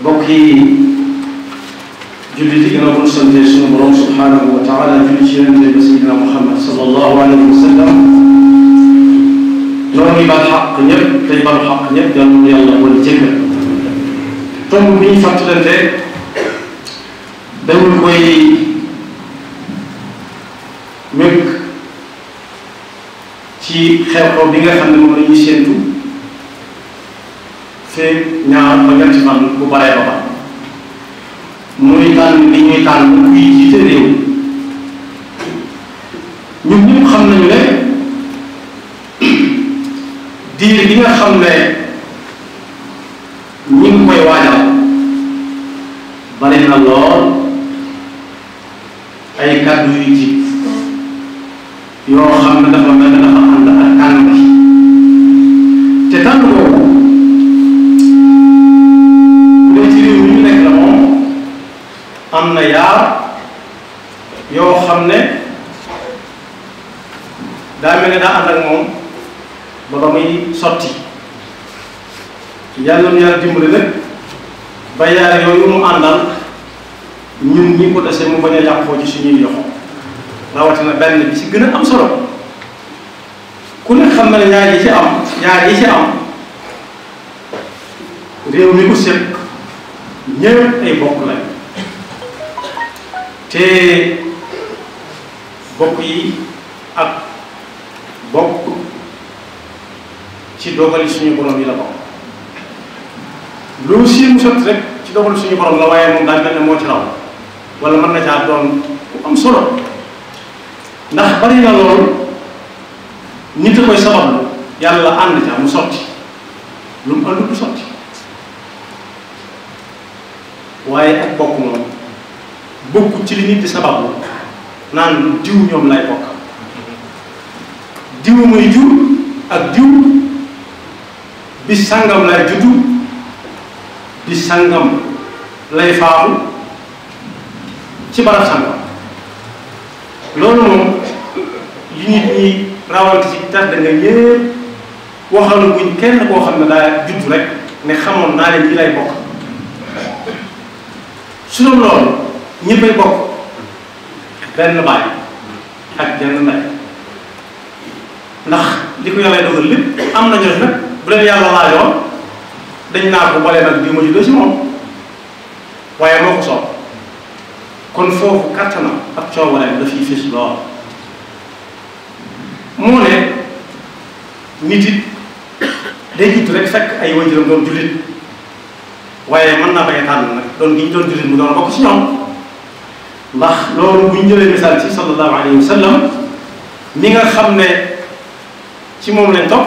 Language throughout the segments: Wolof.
mbokk yi jullit yi gannaaw bu ñu santee subhaanahu wa taala julli ci yonente bi sayyidina Muhammad sallallahu alayhi wa sallam ñoo ngi bal xaq ñëpp tey bal xaq ñëpp yal na yàlla wala jéggal tomb bi ñu fàttalante dañu koy mékk ci xew-xew bi nga xam ne moom la ñuy fee ñaar ba ñetti fan bu baree ba ba muy tànn li ñuy tànn kuy jiite réew ñun ñëpp xam nañu ne diir bi nga xam ne ñi ngi koy waajal bari na lool ay kàddu yu jiit yoo xam ne dafa mel ne dafa ànd ak tànn am na yaar yoo xam ne daa mel ne daa ànd ak moom ba ba muy sotti yàlla nu yàlla dimbali nag ba yaar yooyu mu àndal ñun ñi ko dese mu bañ a yàqoo ci suñuy yoxo rawatina benn bi ci gën a am solo ku ne xam na ne ñaar yi ci am ñaar yi ci am réew mi ko séq ñëpp ay bokk lañ te bokk yi ak bokk ci dogali suñu borom yi la bokk lu sii mu sotti rek ci dogali suñu borom la waaye moom daa mel ne moo ci raw wala mën na caa doon ku solo ndax bari na loolu nit a koy sabablu yàlla ànd ca mu sotti lu mu àndul du sotti waaye ak bokk moom bokku ci li nit di sababu naan diw ñoom lay bokk diw muy jur ak diw bi sàngam lay juddu bi sàngam lay faatu ci barab sàngam loolu moom yi nit ñi rawante ci tàdd nga ñëpp waxal guñ kenn koo xam ne daa judd rek ne xamoon naa leen ñi lay bokk su doon loolu ñëppay bokk benn baay ak benn ndey ndax li ko yàlla dogal lépp am na ñooñu nag bu leen yàlla laajoon dañ naa ko boole nag bii ma juddoo si moom waaye moo ko soob kon foofu kattanam ak ne nit it day judd rek fekk ay waajuram doon jullit waaye mën naa bañ a tànn nag doon gi ñu doon jullit mu doon bokk si ñoom. ndax loolu bu ñu jëlee misaal ci sallallahu alayhi wa sallam mi nga xam ne ci moom lañ topp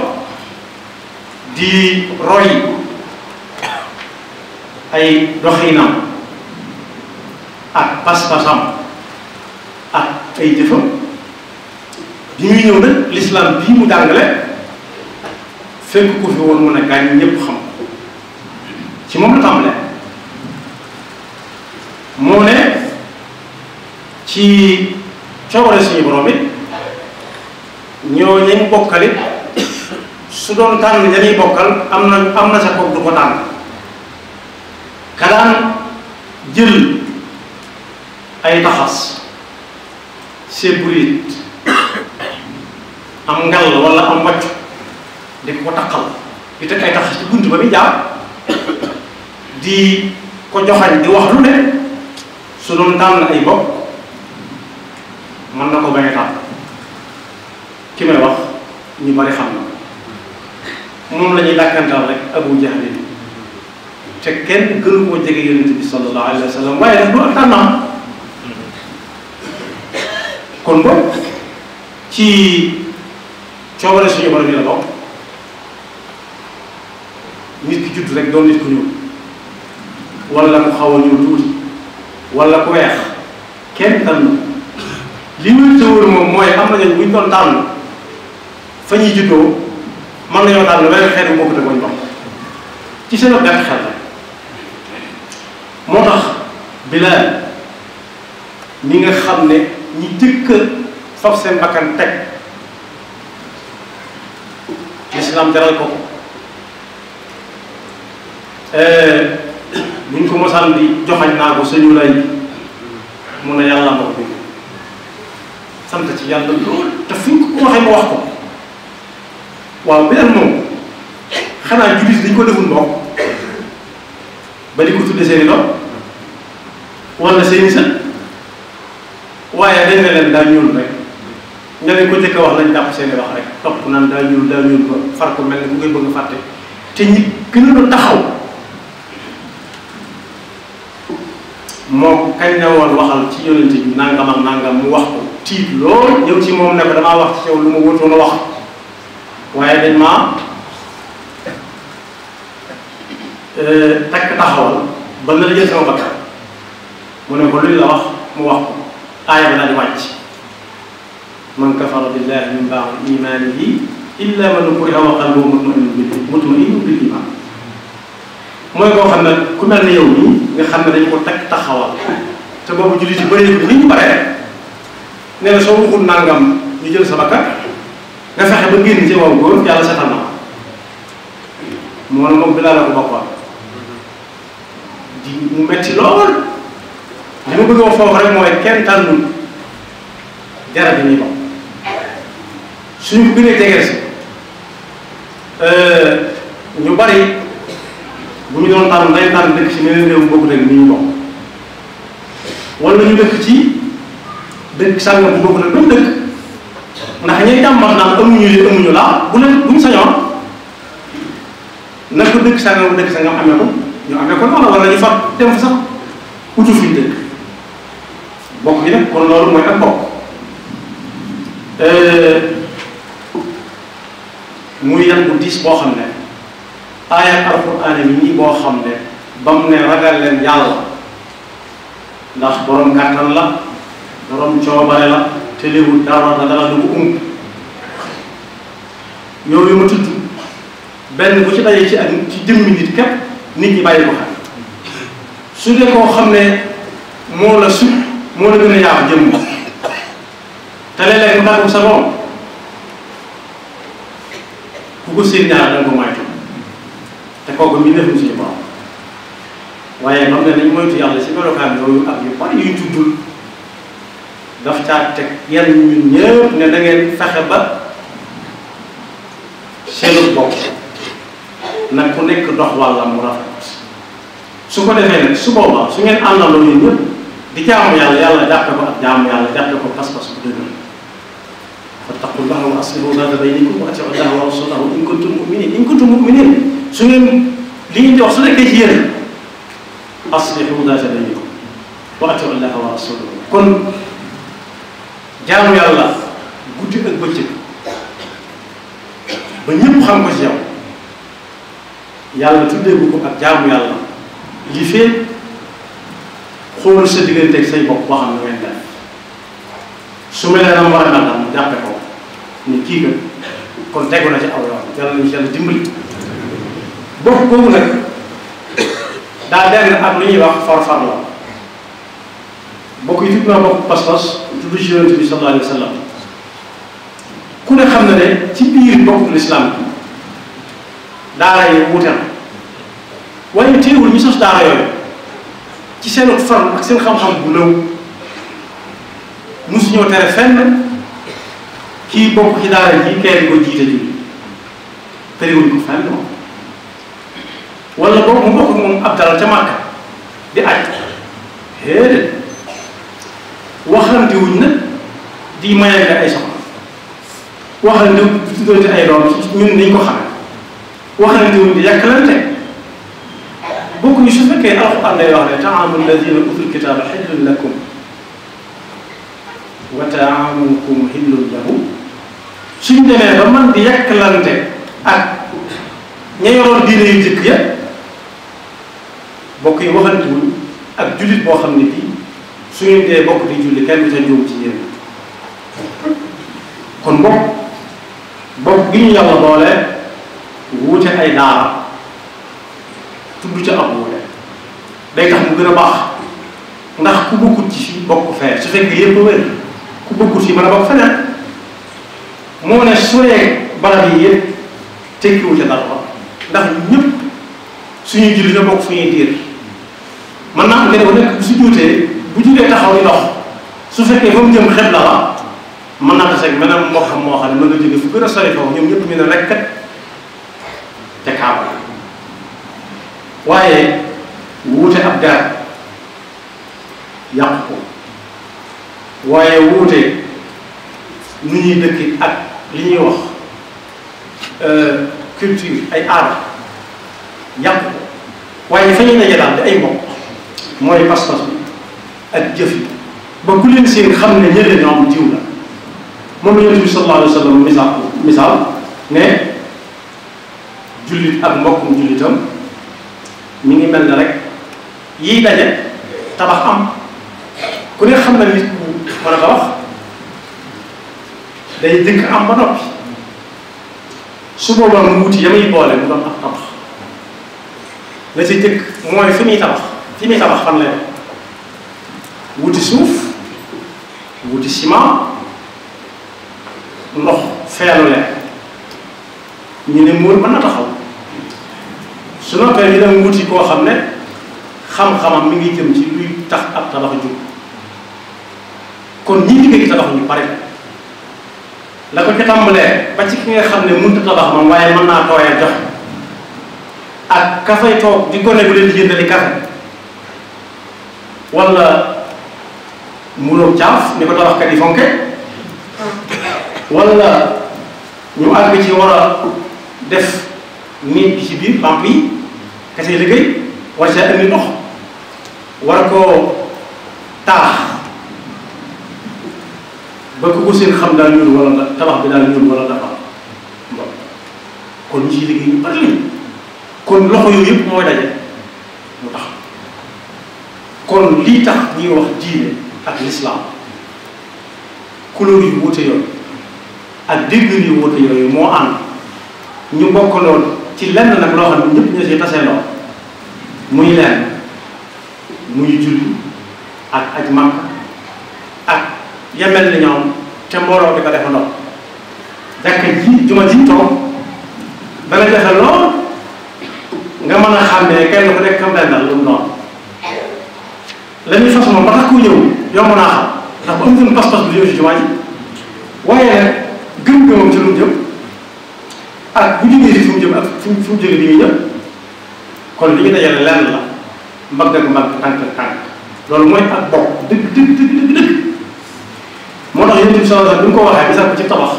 di roy ay doxinam ak pas-pasam ak ay jëfam bi muy ñëw nag lislaam bii mu dàngale fekk ko fi woon mën a gaañ ñépp xam ci moom la tàmbalee moo ne ci coobare suñu borom it ñoo ñañ bokkali su doon tànn ñañuy bokkal am na am na sa bopp du ko tànn ka daan jël ay taxas seburit am ngal wala am wàccu di ko taqal di teg ay taxas ci bunt ba muy jaar di ko joxañ di wax lu ne su doon tànn ay bopp mën na ko bañ a ki may wax ñu bari xam na moom lañuy ñuy rek abu jahlin te kenn gënu koo jege yonent bi sallallahu alayhi wa sallam waaye nag du ak tànnaam kon boog ci coobare suñu borom yi la bokk nit ki judd rek doon nit ku ñuul wala ku xaw a ñuul tuuti wala ku weex kenn tànn li ñu tëwoon moom mooy am nañu bu ñu doon tànn fa ñuy juddoo mën nañoo tànn beneen xeet bu bokkut ak bañ bokk ci seen benn xel moo tax Bilaal ñi nga xam ne ñi jëkk fab seen bakkan teg lislaam jaral ko ko euh, ñu ko mosaan di joxañ naa ko sëñu lay mun a yàlla ma ko sant ci yàlla lool te fu ñu ko waxee ma wax ko waaw beneen moom xanaa jullit dañ ko deful mbokk ba di ko tudde seeni doom wala seeni sët waaye dañ daa ñuul rek nga ne ko njëkk wax lañ jàpp seeni wax rek topp naan daa ñuul daa ñuul ba far ko mel ne bu ngay bëgg fàtte te ñi gën taxaw moo ko kañ na woon waxal ci yonente bi nangam mu wax ko tiit lool ñëw ci moom ne ko damaa wax ci yow lu ma wëtoon wax waaye dañ maa euh, takk taxawal ba mu wax mu wax ko aaya ba daal di wàcc man kafara billahi min ba'di imaanihi illa man ukriha wa qalbuhu mutma'innun bil iman mooy koo xam ne ku mel ne yow nii nga xam ne dañ ko takk taxawal te boobu jullit yi bëreegul ni ñu bare nee na soo waxul nangam ñu jël sa bakkan nga fexe ba génn ci waaw góor yàlla setal na ko moom moom di mu metti lool li ma bëgg a wax foofu rek mooy kenn tànnul jarab yi ñuy suñu ko gënee jege si euh, ñu bari bu ñu doon tànn day tànn dëkk ci meneen réew bokku rek ni ñu bokk wala ci dëkk sàngam boobu nag duñ dëkk ndax ñay jàmbat naan amuñu li amuñu laa bu leen buñ sañoon nag ko dëkk sàngam bu dëkk sàngam amee ko ñu amee ko noonu wala ñu far dem fa sax utu fi dëkk bokk yi nag kon loolu mooy ak bokk euh, muy yan bu diis boo xam ne aaya alquran yi ñi boo xam ne ba mu ne ragal leen yàlla ndax borom kàttan la borom coobare la te léewul dara na dara du ko umb yooyu ma tudd benn bu ci dajee ci ak ci jëmmi nit képp nit ñi bàyyi ko xam su dee koo xam ne moo la su moo la gën a yaatu jëmm te léeg-léeg mu tàggu sa borom ku ko seen ñaar da nga ko moytu te kooku mi def mu suñu borom waaye xam nga nañ moytu yàlla si melokaan yooyu ak yu bari yuy tuddul daf caa teg yenn ñun ñëpp ne da ngeen fexe ba seenu bopp nag ku nekk dox wàllam mu rafet su ko defee nag su boobaa su ngeen àndaloo yéen ñëpp di jaamu yàlla yàlla jàppe ko ak jaamu yàlla jàppe ko pas-pas bu dëgër fattaqullaha wa aslihu zaata baynikum wa atiiu wa rasulahu in kuntum muminin in kuntum muminin su ngeen li ñu jox su nekkee ci yéen aslihu zaata baynikum wa atiiu llaha wa rasulahu kon jaamu yàlla guddi ak bëccëg ba ñëpp xam ko ci yow yàlla tuddee ko jaamu yàlla li fee xoolal sa diggante ak say bopp boo xam ne ngeen def su mel ne dama war a mel daal mu jàppe ko ni kii nga kon tegu na ci yàlla nañu ci yàlla dimbali bopp boobu nag ak lu ñuy wax farfar la kooku it naa bokk pas-pas tudd ci yonent bi sallallahu alayhi wa sallam ku ne xam na ne ci biir bokk lislaam bi daara yi wuute na waaye teewul ñu sos daara yooyu ci seen farlu ak seen xam-xam bu nëw musu ñoo tere fenn kii bokk ci daara ji kay di jiite ji terewul ko fenn moom wala boobu mu bokk moom ab dara ca màkk di aj déedéet waxante wuñ nag di mayante ay soxna waxante di ay doom ñun niñ ko xamee waxante wuñ di yàkkalante bokkuñu su fekkee alxuraan day wax ne taamu alladina utul kitaaba xillun lakum wa taamukum xillun lahum suñ demee ba man di yàkkalante ak ña yoroon diine yu jëkk ya bokk yi waxante ak jullit boo xam ne bii su dee bokk di julli kenn sa juum ci yéen kon bokk bokk gi ñu yàlla boole wuute ay daara tudd ca ab wuute day tax mu gën a baax ndax ku bokkut ci fii bokku fee su fekkee yépp wér ku bokkut ci mën a bokk feneen moo ne soree barab yi yépp tekkiwu ca dara ndax ñëpp suñuy julli na bokk fu ñuy diir mën naa am ne dafa si juutee bu jugee taxaw di su fekkee fa mu jëm xeb la wa mën naa tase ak meneen moo xam moo xam ne mën na jóge fu gën a sori foofu ñoom ñëpp waaye wuute ab daar yàq ko waaye wuute nu ak li wax euh, culture ay aada yàq ko waaye fa ñuy daje di ay mbokk mooy pas-pas ak jëf ba ku leen seen xam ne ñële ñoom jiw la moom la yonent bi sallallahu alayhi wa misaal ne jullit ak mbokkum jullitam mi ngi mel ne rek yiy daje tabax am ku ne xam na nit ku mën a tabax day dëkk am ba noppi su boobaa mu wuti yamuy boole mu doon ak tabax la ci jëkk mooy fi muy tabax fi muy tabax fan la wuti suuf wuti ciment ndox feelu ñu ne muur mën na taxaw su noppee ñu dem wuti koo xam ne xam-xamam mi ngi jëm ci luy tax ab tabax jub kon ñi liggéey ci tabax ñu pare la ko ca ba ci ki nga xam ne mënut a tabax moom waaye mën naa tooyee jox ak ka toog di gone bu leen di jëndali kafe wala mënoo caaf ni ko tabaxkat yi fonke wala ñu àgg ci war a def néeg gi ci biir lamp yi kese liggéey war cee indi ndox war koo taax ba ku ko seen xam daal ñuul wala tabax bi daal kon ñu ciy liggéey ñu bari lañ kon loxo yooyu yëpp daje mu tax kon lii tax ñuy wax diine ak lislaam couleur yu wuute yooyu ak déggin yu wuute yooyu moo ànd ñu bokk lool ci lenn nag loo xam ne ñëpp ñoo see tasee lool muy lenn muy julli ak aj màkk ak yemel ni ñoom te mbooloo di ko defa ndox jàkka ji juma ji toog dana jafe lool nga mën a xam ne kenn ku nekk kam dendal lu mu noonu la ñuy fas moom ba tax koo ñëw yomb naa xam ndax bu amutoon bu ñëw si jumaa waaye nag gëm-gëmam mu jëm ak ak fu mu fu mu jógee li muy jëm kon li ñu dajale la mbagg ak mbagg tànk ak loolu mooy ak bokk dëgg dëgg dëgg dëgg moo tax yéen ci sa bi mu ko waxee bi sax ko ci tabax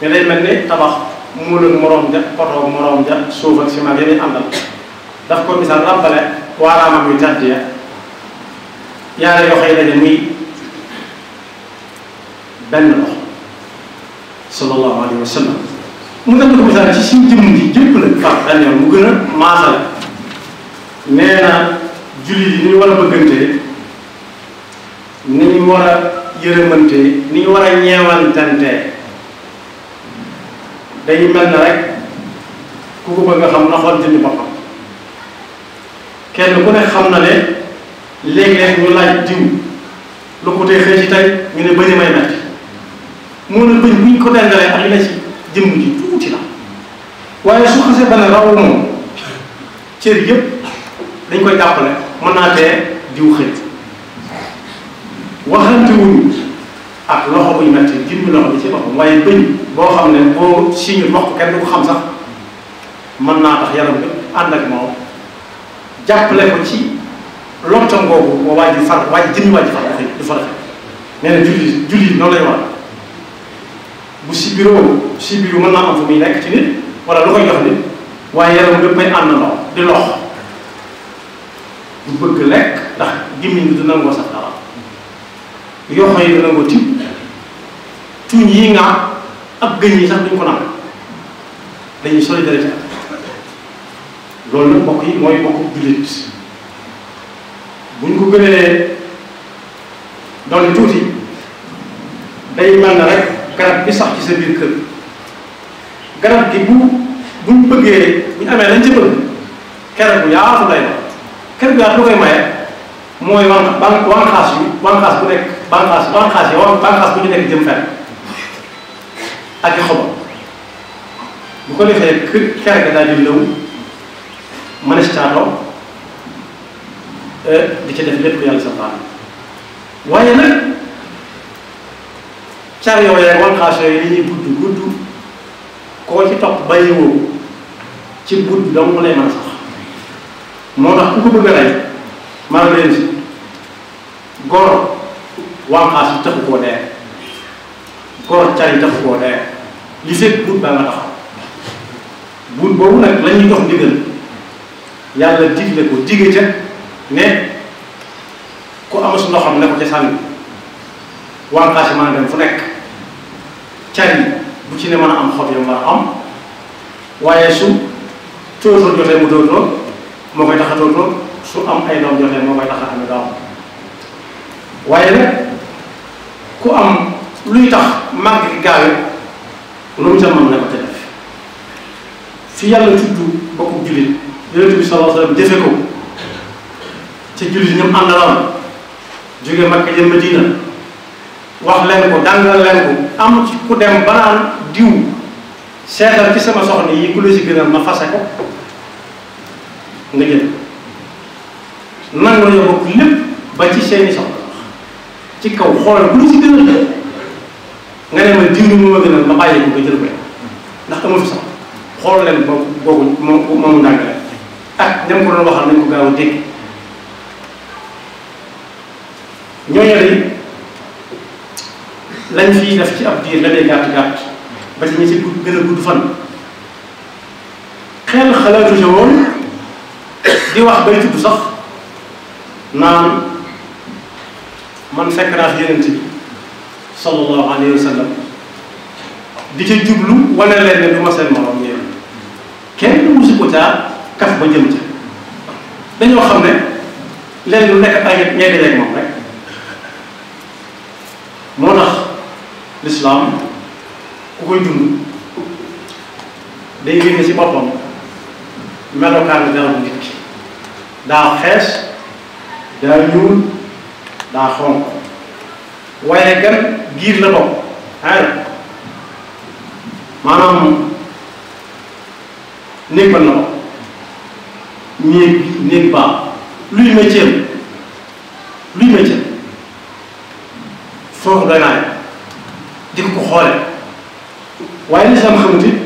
ne day mel ne tabax mu la moroom ja poto moroom ja suuf ak ciment yeneen àndal daf ko misaal ràmbale waaraamam yu tedd ya ñaari loxo yi dañu muy benn loxo sallallahu alayhi wa sallam mu nekk lu misaal ci suñu jëmm ji jëpp la far benn yoon mu gën a maasale nee na jullit ni war a bëggantee ni ñu war a yërëmantee ni war a ñeewantantee dañu mel na rek ku ko bëgg xam na xool jëndi boppam kenn ku ne xam na ne léegi-léeg ñu laaj diw lu ko tee xëy ci tey ñu ne bëñ may metti moo ne bëñ bu ko dendalee ak li ne ci jëmm ji tuuti la waaye su xasee ba raw moom cër yëpp dañ koy jàppale mën naa te diw xëy waxante wuñu ak loxo buy metti jëmm loxo bi ci boppam waaye bëñ boo xam ne boo si ñu mokk kenn ko xam sax mën naa tax yaram bi ànd ak moom jàppale ko ci loxoom boobu moo waaj a far waaj jëmmi waaj a far dafay du fa rafet nee na julli julli noonu lay war bu sibiroo sibiru mën naa am fu muy nekk ci nit wala lu koy jox nit waaye yaram bépp ay àndandoo di lox du bëgg lekk ndax gémmiñ bi du nangoo sax dara yoxo yi du nangoo tibb tuñ yi nga ab gëñ yi sax duñ ko naan dañuy solidarité loolu nag mbokk yi mooy mbokk jullit buñ ko gënee dolli tuuti day mel na garab bi sax ci sa biir kër garab gi bu buñ bëggee buñ amee lañ ci bëgg kër bu yaatu lay doon kër bu yaatu koy maye mooy wan ban wanxaas yu wanxaas bu nekk banxaas wanxaas yi wan banxaas bu ñu nekk jëm fenn ak i xobam bu ko defee kër kër ga daal di lëw mënees caa di ca def lépp yàlla santaane waaye nag car yooyee wanqaas yooyu li ñuy gudd gudd koo ci topp bàyyiwoo ci gudd dong mu lay mën sax moo tax ku ko bëgg a rey maa ngi leen si gor wanqaas yi taxu koo dee gor car yi taxu koo dee li seet gudd baa nga taxaw buun boobu nag la ñuy jox ndigal yàlla digle ko dige ca ne ku amus ndoxam ne ko ca sànni wànqaasi mën a dem fu nekk cari bu ci ne mën a am xob yam war a am waaye su tóotóor jotee mu tóotóor moo koy tax a tóotóor su am ay doom jotee tax a amee doom waaye nag ku am luy tax màgg gi gaawe lu mu ca mën na ko te def fi yàlla tudd bokku jullit yonent bi sallallahu alayhi wa sallam jëfe ko ci jullit ñu àndaloon jóge Makka jëm Madina wax leen ko dàngal leen ko am ci ku dem ba naan diw seetal ci sama soxna yi ku la si gënal ma fase ko nga jël nan kaw xool ku la si gënal nga ne ma diw ni mu a gënal ma bàyyi ko nga jël ko ndax amatu sax xool leen boobu boobu moom moomu dàngale ak ah, ñam ko doon waxal nañ ko gaaw a dégg ñoo dañ lañ fiy def ci ab diir la dee gàtt gàtt ba ci ñi ci gën a gudd fan xel xalaatu ci woon di wax bay tudd sax naan man fekk naa fi bi sallallahu alayhi wa di ca jublu walla leen ne du ma seen morom yéen kenn musu ko kaf ba jëm ca dañoo xam ne leen lu nekk ay ñeenti yeeg moom rek. moo tax lislaam ku koy dund day génne ci boppam melokaanu garabu nit ki daa xees daa ñuul daa xonq waaye gan giir la bopp xaar maanaam néeg ban na ko néeg néeg baa luy métier luy métier foofu doy naa di nga ko xoole waaye lislaam xamut it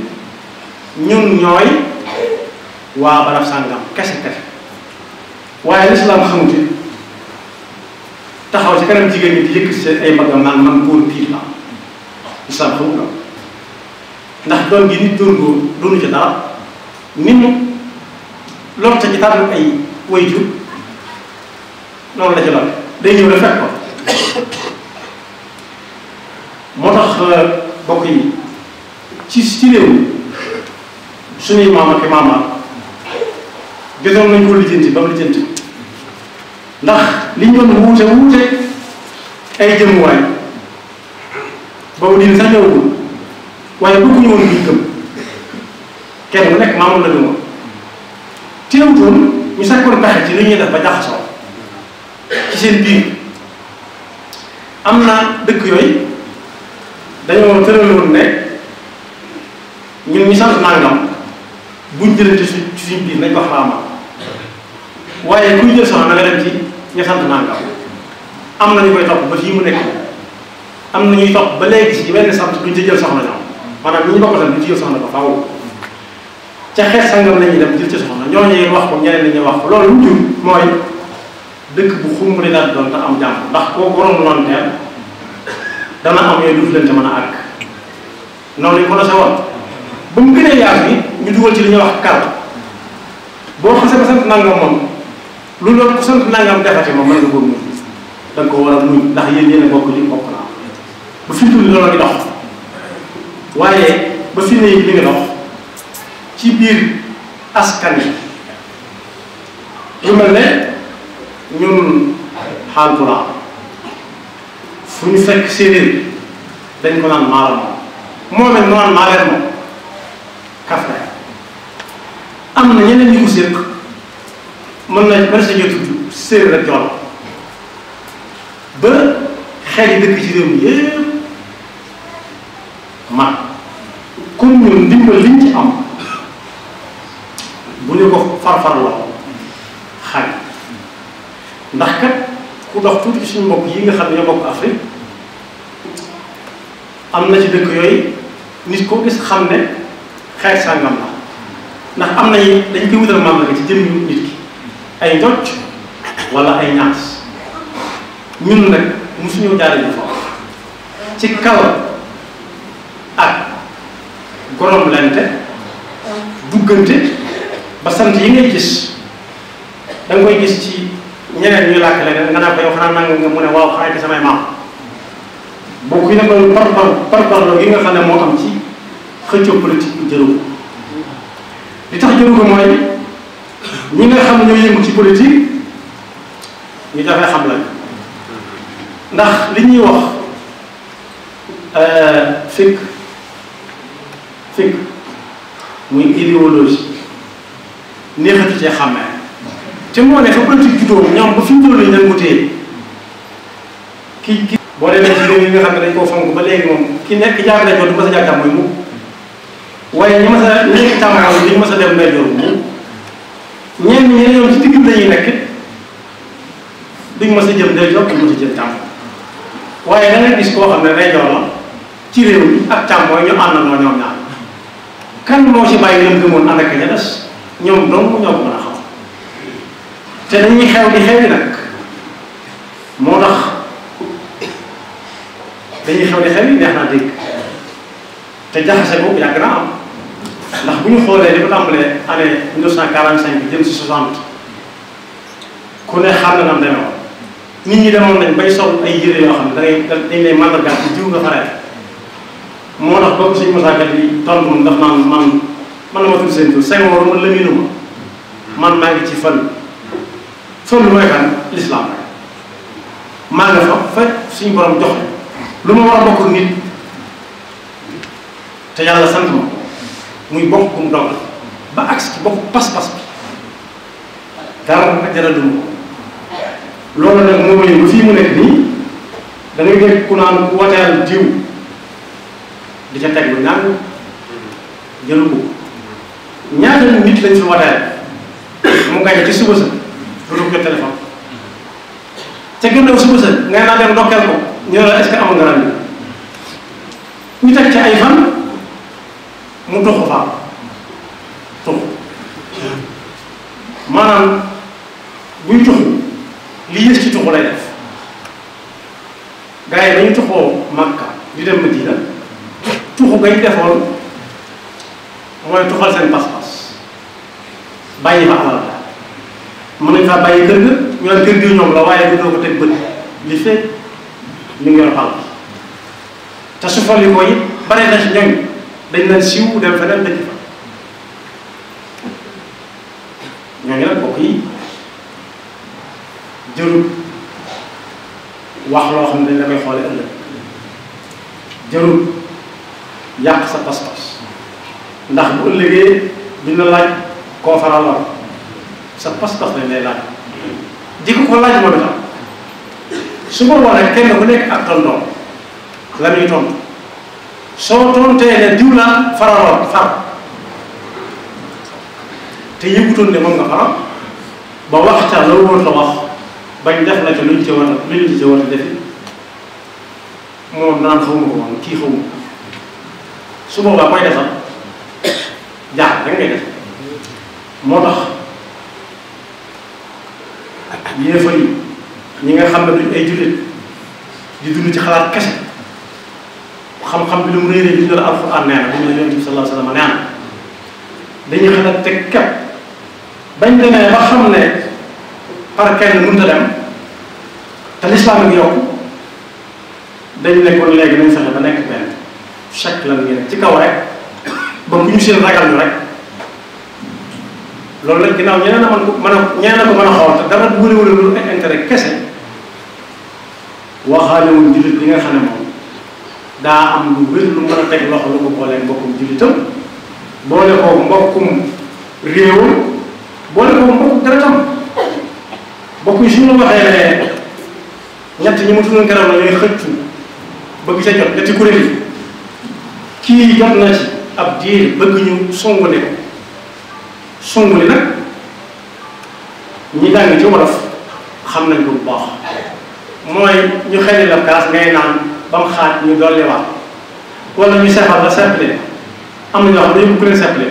ñun ñooy waa barab sàngam kese kese waaye lislaam xamut taxaw ci kanam jigéen ñi di yëkk seen ay mbaggam naan man góor la lislaam xamut ndax doon gi nit doon góor doonu ci dara nit ñu loolu ci tànn ay way jur loolu la ci day ñëw la fekk ko moo tax euh, bokk yi ci ci mama mi suñuy maam ak maamaat ah, jotoon nañ ko lijjanti ba mu lijjanti ndax liñ doon wuute wuute ay jëmuwaay boobu diin sax ñëwagul waaye bëgguñu woon luñ gëm kenn ku nekk maamam la gëmoon teewutoon ñu sakkoon pexe ci li ñuy def ba jaxasoo ci seen biir am na dëkk yooyu dañ dañoo tëraloon ne ñun ñu sant nangam buñ jëlee ci suñ ci suñ biir nañ ko xaraamal waaye kuy jël soxna nga dem ci ñu sant nangam am na ñu koy topp ba fii mu nekk am na ñuy topp ba léegi si benn sant duñ ci jël soxna ñoom maanaam ñu ñu bokk duñ ci jël soxna ba faaw ca xeet sangam la ñuy dem jël ci soxna ñooñu wax ko ñeneen ñi wax ko loolu lu jur mooy dëkk bu xumb ne daal doon te am jàmm ndax koo borom noonu teel. dana am yooyu du fi leen mën a àgg noonu lañ ko dose woon ba mu gënee yaatu yi ñu dugal ci li wax carte boo xasee ba sant nangam moom lu loolu ko sant nangam defati moom mën nga ko muñ da nga ko war a muñ ndax yéen yéen a bokk li bokk naa ba fi tudd li nga dox ci biir askan yi lu mel ne ñun xaal fu ñu fekk séeréer dañ ko naan maala moom moom it mu naan maaleen moom kafre am na ñeneen ñi ko séq na nañ mën sañoo tudd séeréer ak jool ba xel yi dëkk ci réew mi yépp man comme ñun ndimbal liñ ci am bu ñu ko farfarloo xaaj ndax kat ku dox tuuti ci suñu yi nga xam ne ñoo bokk am na ci dëkk yooyu nit ko gis xam ne xeet sàngam la ndax am na yi dañ koy wutal maam la ci jëmmi nit ki ay njocc wala ay ñaas ñun nag musuñu jaare ñu foofu ci kaw ak gorom lente duggante ba sant yi ngay gis da koy gis ci ñeneen ñu làkk leneen nga naa ko yow xanaa nangam nga mu ne waaw xanaa ci samay maam boo ku nekkoon par par par parlo gi nga xam ne moo am ci xëccoo politique bi li tax jëru ko mooy ñi nga xam ne ñoo yëngu ci politique ñu dafay xam la ndax li ñuy wax fikk euh, fikk muy idéologie neexatu cee xàmmee te moo ne fa politique juddoo ñoom fi mu toll nii dañ ko ki ki boo demee yi nga xam ne dañ koo fonk ba léegi moom ki nekk jaar ndeyjoor du mës a jaar càmmoñ mu waaye ñi ma a nekk càmmoñ duñu mës a dem ndeyjoor mu ñenn ñi ñoom ci digg bi la waaye da gis koo xam ne ndeyjoor la ci réew mi ak càmmoñ ñu àndandoo ñoom ñaar kan moo ci bàyyi lam gëmoon ànd ak a des ñoom donc ñoo ko mën a xam te dañuy xew di xew yi nag moo tax dañuy xam ne xel yi neex naa dégg te jaxase boobu yàgg naa am ndax bu ñu xoolee li ko tàmbalee année 1945 bi jëm si 60 ku ne xam na nam demee woon nit ñi demoon nañ bay sol ay yére yoo xam ne da ngay dañ lay màndargaal ci jiw nga faree moo tax boobu suñu mosakat yi tontu moom daf naan man man la ma tudd seen tur Senghor man lëmiinu ma man maa ngi ci fël fël mooy kan l'islam rek maa fa fa suñu borom jox lu ma war a bokk nit te yàlla sant ma muy bokk kum dogal ba agsi ci bokk pas-pas bi dara jaraluma ko loolu nag moo ma ñëw ba fii mu nekk nii da ngay ku naan ku wateel jiw di ca jëlu ko ñaata nit lañ fi wateel mu gañe ci suba sa lu ko téléphone ca gën daw suba sa ngay naa dem ko ñu ne la est-ce que amul nga ñu teg ci ay fan mu doxu fa tux maanaam buy tuxu li yës ci tuxu lay def gars yi dañu tuxoo Makka di dem Madina tuxu gañ defoon mooy tuxal seen pas-pas bàyyi ba alal la mën nañ faa bàyyi kër ga ñu kër gi ñoom la waaye du doo ko teg bët li fekk ñu ngi yor alal te su ko it bare na ci ñoom dañ leen siiw dem feneen dañ fa ñooñu bokk yi jërul wax loo xam ne dañ la koy ëllëg jërul yàq sa pas-pas ndax bu ëllëgee duñ la laaj koo faraloon sa pas-pas lañ lay laaj di ko ko laaj moo tax su boobaa nag kenn ku nekk ak tontoom la muy tontu soo tontee ne diw la faraloon far te yëgutoon ne moom nga faral ba waxtaan la la wax bañ def la ci luñ ci war a luñ ci war a defi moom naan xawma ko kii xawma ko su boobaa koy defal jaaxal rek def moo tax yéefar yi ñi nga xam ne duñ ay jullit di dund ci xalaat kese xam-xam bi lu mu réeree ñu doon alxuraan nee na bu ñu yonent bi sallallahu alayhi wa na dañuy xalaat te képp bañ demee ba xam ne par kenn mënut a dem te lislaam ngi yokk dañ ne kon léegi nañ saxe ba nekk benn chaque lan ngeen ci kaw rek ba bu ñu seen ragal ñu rek loolu nag ginnaaw ñeneen a mën ko mën a ñeneen a ko mën a xool te dara bu wële wële lu kese. waxaale wu jullit bi nga xam ne moom daa am lu wér lu mën a teg loxo lu ko boolee mbokkum jullitam boole ko mbokkum réewam boole ko mbokkum deretam mbokk yi suñu la waxee ne ñett ñi mu tudd garaw la ñooy xëccu bëgg ca jot na ñu songule ko nag ñi jàng ci wolof xam nañ ko bu baax mooy ñu xëy la kaas ngay naan ba mu xaaj ñu dolliwaat wala ñu seexal la seppale am na ñoo xam ne yëpp ku leen seppale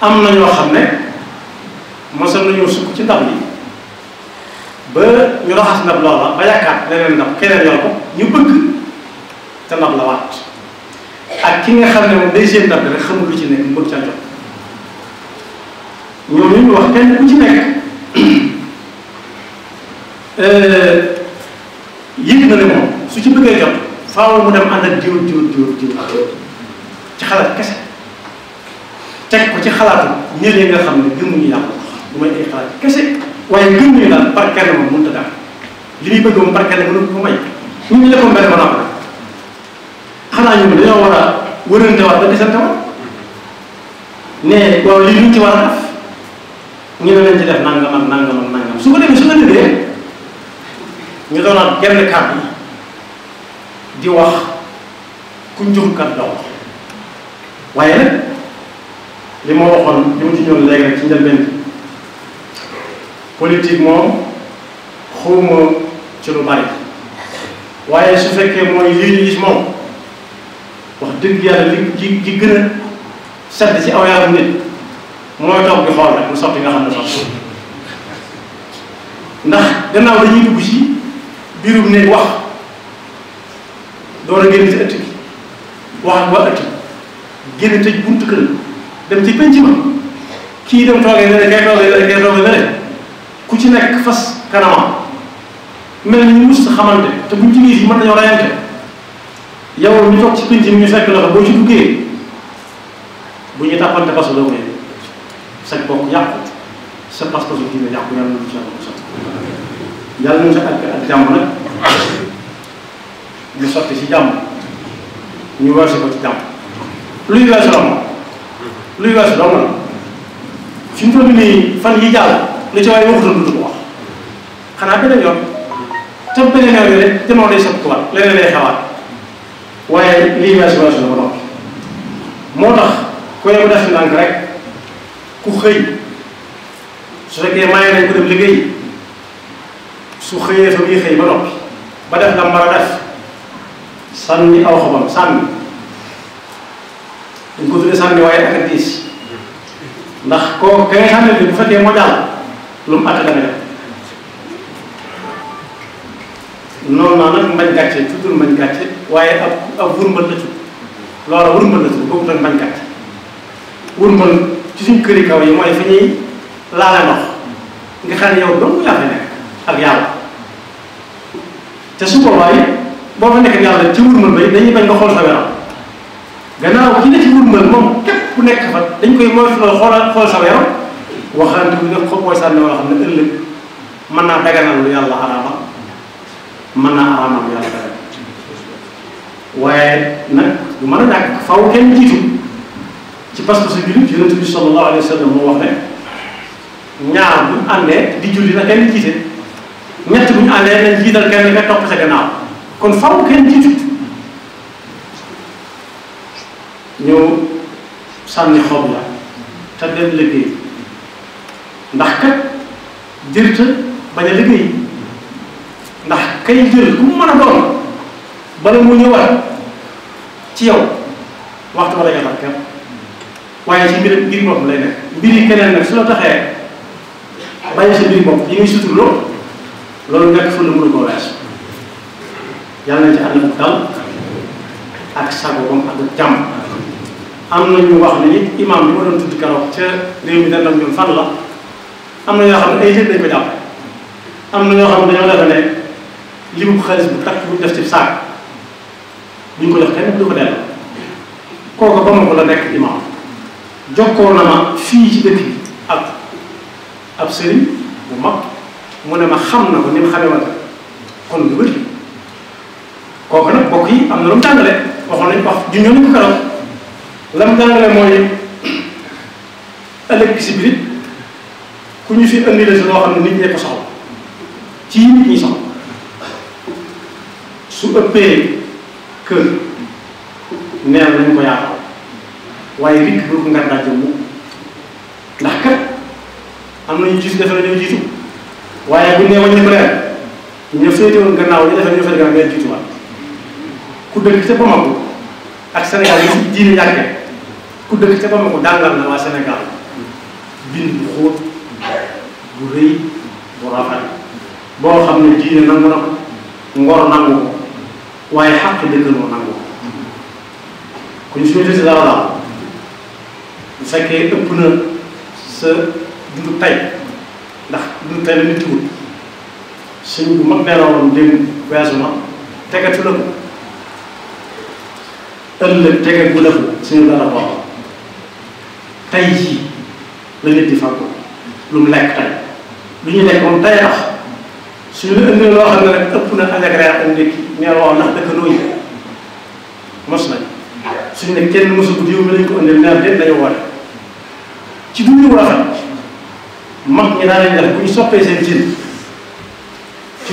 am na ñoo xam ne mosoon nañoo sukk ci ndab yi ba ñu raxas ndab loola ba yàkkaat leneen ndab keneen yor ko ñu bëgg te ndab la waat ak ki nga xam ne moom day seen ndab rek xamul lu ci nekk mu bëgg ca jot ñoom ñu wax kenn ku ci nekk. Euh, yëg na ne moom su ci bëggee jot faaw mu dem ànd ak jiw jiw jiw jiw ak ci xalaat kese teg ko ci xalaatu ñëlee nga xam ne gëmuñu yàlla du may ay xalaat kese waaye gëmuñu daal par kenn moom mënut a daan li muy bëgg moom par kenn mënu ko may ñu ñu la ko mel ma a wërante waat ne a def ñu ne leen ci def nangam ak su ko demee su ko defee ñu doonoon genn kàddu di wax ku njumkat la waaye li ma waxoon li ma ci ñëw léegi rek ci njëlbeen bi politique moom xawma ci lu bari waaye su fekkee mooy lii ñu moom wax dëgg yàlla li li gën a sedd ci aw yaram nit mooy toog di xool rek mu sotti nga xam ne sax ndax gannaaw dañuy dugg ci biirum néeg wax door a génn ci ëtt bi wax ak waa ëtt bi génn dem ci penc kii dem toogee ne kay toogee ne kay toogee ne ku ci nekk fas kanamam mel ni ñu mus xamante te buñ ci gis yi mën nañoo rayante yow ñu toog ci penc mi ñu fekk la fa boo ci duggee bu ñu tàppante fasu la wéy sa bokk yàqu sa pas-pasu diine yàqu yàlla lu ci yàlla yàlla nañu sa ak ak jàmm nag ñu sotti si jàmm ñu weesu ko ci jàmm luy weesu doomu luy weesu doomu la fi mu toll nii fan yi jàll li ci waaye waxutoon du ko wax xanaa beneen yoon te beneen yoon bi rek jamono day soppiwaat leneen lay xewaat waaye liy weesu weesu doomu la moo tax ku yem def ndànk rek ku xëy su fekkee maye nañ ko dem liggéey. su xëyee fa muy xëy ba noppi ba def la mën a def sànni aw xamam sànni dañ ko tuddee sànni waaye ak diis ndax kooku ka xam ne bi bu fekkee moo jàll lu mu àtte dana def noonu nag mbañ gàcce tuddul mbañ gàcce waaye ab ab wurmbal la tudd loola wurmbal la tudd boobu nag mbañ gàcce wurmbal ci suñ këri kaw mooy fi ñuy laale ndox nga xam ne dong yaa nekk ak yàlla te su boobaa yi boo fa nekk yàlla ci wurmal bay dañuy bañ nga xool sa yaram gannaaw ki ne ci wurmal moom képp ku nekk fa dañ koy mooy loolu xoolal xool sa yaram waxante bu def xob mooy sànni wala xam ne ëllëg mën naa daganal lu yàlla araama mën naa araamal lu yàlla daganal waaye nag du a ñàkk faw kenn jiitu ci pas-pasu jullit yonent bi sallallahu alayhi wa sallam moo ñaar bu àndee di julli na kenn jiite ñett bu ñu àndee nañ jiital kenn ka topp sa gannaaw kon faw kenn jiitu ñëw sànni xob la te dem liggéey ndax kat jërta bañ a liggéey ndax kay jër a doon bala mu ñëwaat ci yow waxtu wala jotaat kenn waaye ci mbir mbiri bopp lay nag su taxee bàyyi sa mbiri bopp yi ngay suturloo loolu ñàkk fële mënu koo weesu yàlla nañ ci ànd ak dal ak sago ba mu jàmm am na ñu wax ne it imaam bi ma doon tudd keroog ca réew mi dana ñun fan la am na ñoo xam ne ay léeg dañ ko jàpp am na ñoo xam ne dañoo defe ne li mu xaalis bu takk bu def ci saak bu ñu ko def kenn du ko delloo kooku ba ma ko la nekk imaam jokkoo na ma fii ci dëkk bi ak ab sëriñ bu mag mu ne ma xam na ko ni mu xamee woon kon lu wér kooku nag mbokk yi am na lu mu tàngale waxoon nañu wax junj nañu ko kanam la mu tàngale mooy ëllëg si biir ku ñu fi indi la loo xam ne nit ñee ko soxla ci ëppee kër neex nañu ko waaye rikk bul ko ngar daal jëm ndax kat am na ñu gis defe nañu jiitu waaye bu ñu nee wàññi ko ren ñu féetewoon gannaaw ñu defee ñu fay gannaaw ñu leen ku dëkk ca Bamako ak Sénégal yi si diine ku dëkk ca Bamako dàngal na waa Sénégal bind bu xóot bu rëy bu rafet boo xam ne diine nangu na ko nangu ko waaye xàq dëkkaloo nangu ko kon suñu desi laa laa bu fekkee ëpp na sa dundu tay lu fenn nit wut sëñ bu mag nee la ko ëllëg tege bu la ko suñu dara baax tey jii la nit di fàggu lu mu lekk tey lu ñu lekk moom tey tax suñu la ëndee loo xam ne na ànd ak reer ak ndékki nee mos nañ suñu ne kenn mosu ko yow mi lañ ko ëndee nee na déet dañoo war ci dundu waxat mag ñi daa leen def bu ñu soppee seen ci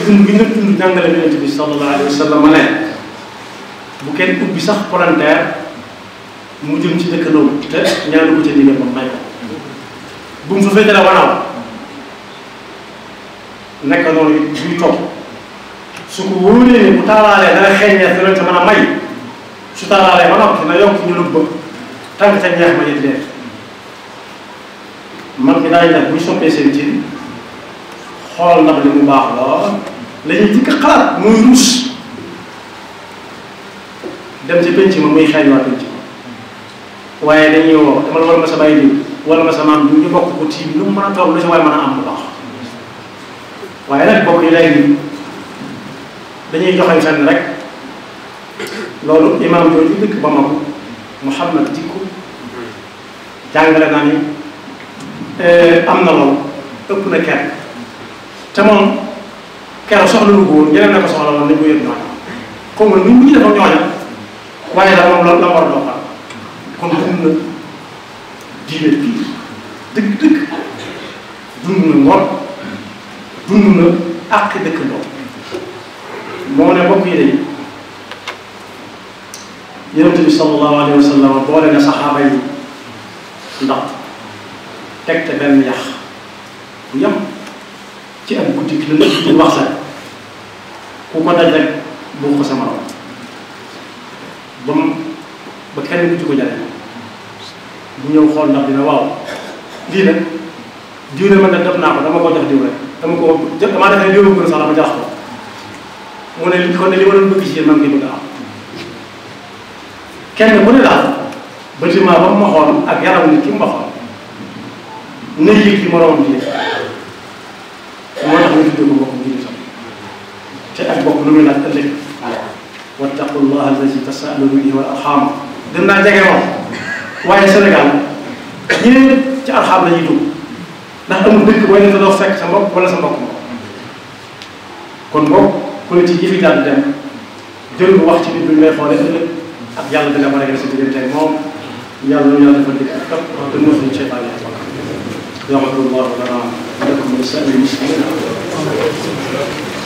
dund gi nga dund jàngale yonent bi sallallahu alayhi wa sallam ne bu kenn ubbi sax palanteer mu jëm ci dëkkandoom te ñaanu ko ca ndigal moom may ko la wanaaw nekk noonu buy toog su ko wóoree ne bu taalaalee dana xeeñeef dana ca mën a may su taalaalee wanaaw dina yokk ñu lu bëgg tànk ca di dee mag ñi daañu nag bu ñu soppee seen cin xool ndax li mu baax lool la ñuy xalaat muy ruus dem ci penc ma muy xeeñ waa penc ma waaye dañuy woo dama la wala ma sa bàyyi diw wala ma sa maam bi ñu bokk ko tiim lu mu mën a toog lu si waaye mën a am bu baax waaye nag bokk yi léegi dañuy joxe fenn rek loolu imaam jooju dëkk ba mag Muhammad jikko jàngale naa ni Eh, am na lool ëpp na kenn te moom keroog soxla lu góor ñeneen na ko soxla woon dañ ko yëg ñooña xaw ma nu ñu defoon ñooña waaye la moom loolu la war a doxal kon dund na diine fii dëgg dëgg dund na ngor dund na àq dëkk moo ne bokk yi day yonent bi sallallahu alayhi wa sallam boole na saxaaba yi ndax teg te benn yax bu yem ci am guddi la nit di wax sax ku ko daj rek bu ko sama morom kenn ku ci ko jëlee bu ñëw xool ndax dina waaw lii nag diw ne man nag def naa ko dama ko jox diw rek dama ko jë damaa defee diw ko sax dama ko mu ne li kon ne li ma doon bëgg man ngi bëgg a kenn ku ne daal bâtiment ba mu ma xool ak yaram nit ki mu ma xool na yëg li moroomam di def moo tax ñu tuddee ko bokkum ci lislaam te ak bokk lu muy laaj ëllëg wattaqullaha allazi tasaaluna bihi wal arxam dinaa jege moom waaye Sénégal ñeneen ci arxam la ñuy dugg ndax amul dëkk booy ne doo fekk sa mbokk wala sa mbokk moom kon boog politique yi fi daan dem jël bu wax ci nit ñi lay xoolee ëllëg ak yàlla dina ma rek sa diggante moom yàlla يغفر الله لنا ولكم ولسائر المسلمين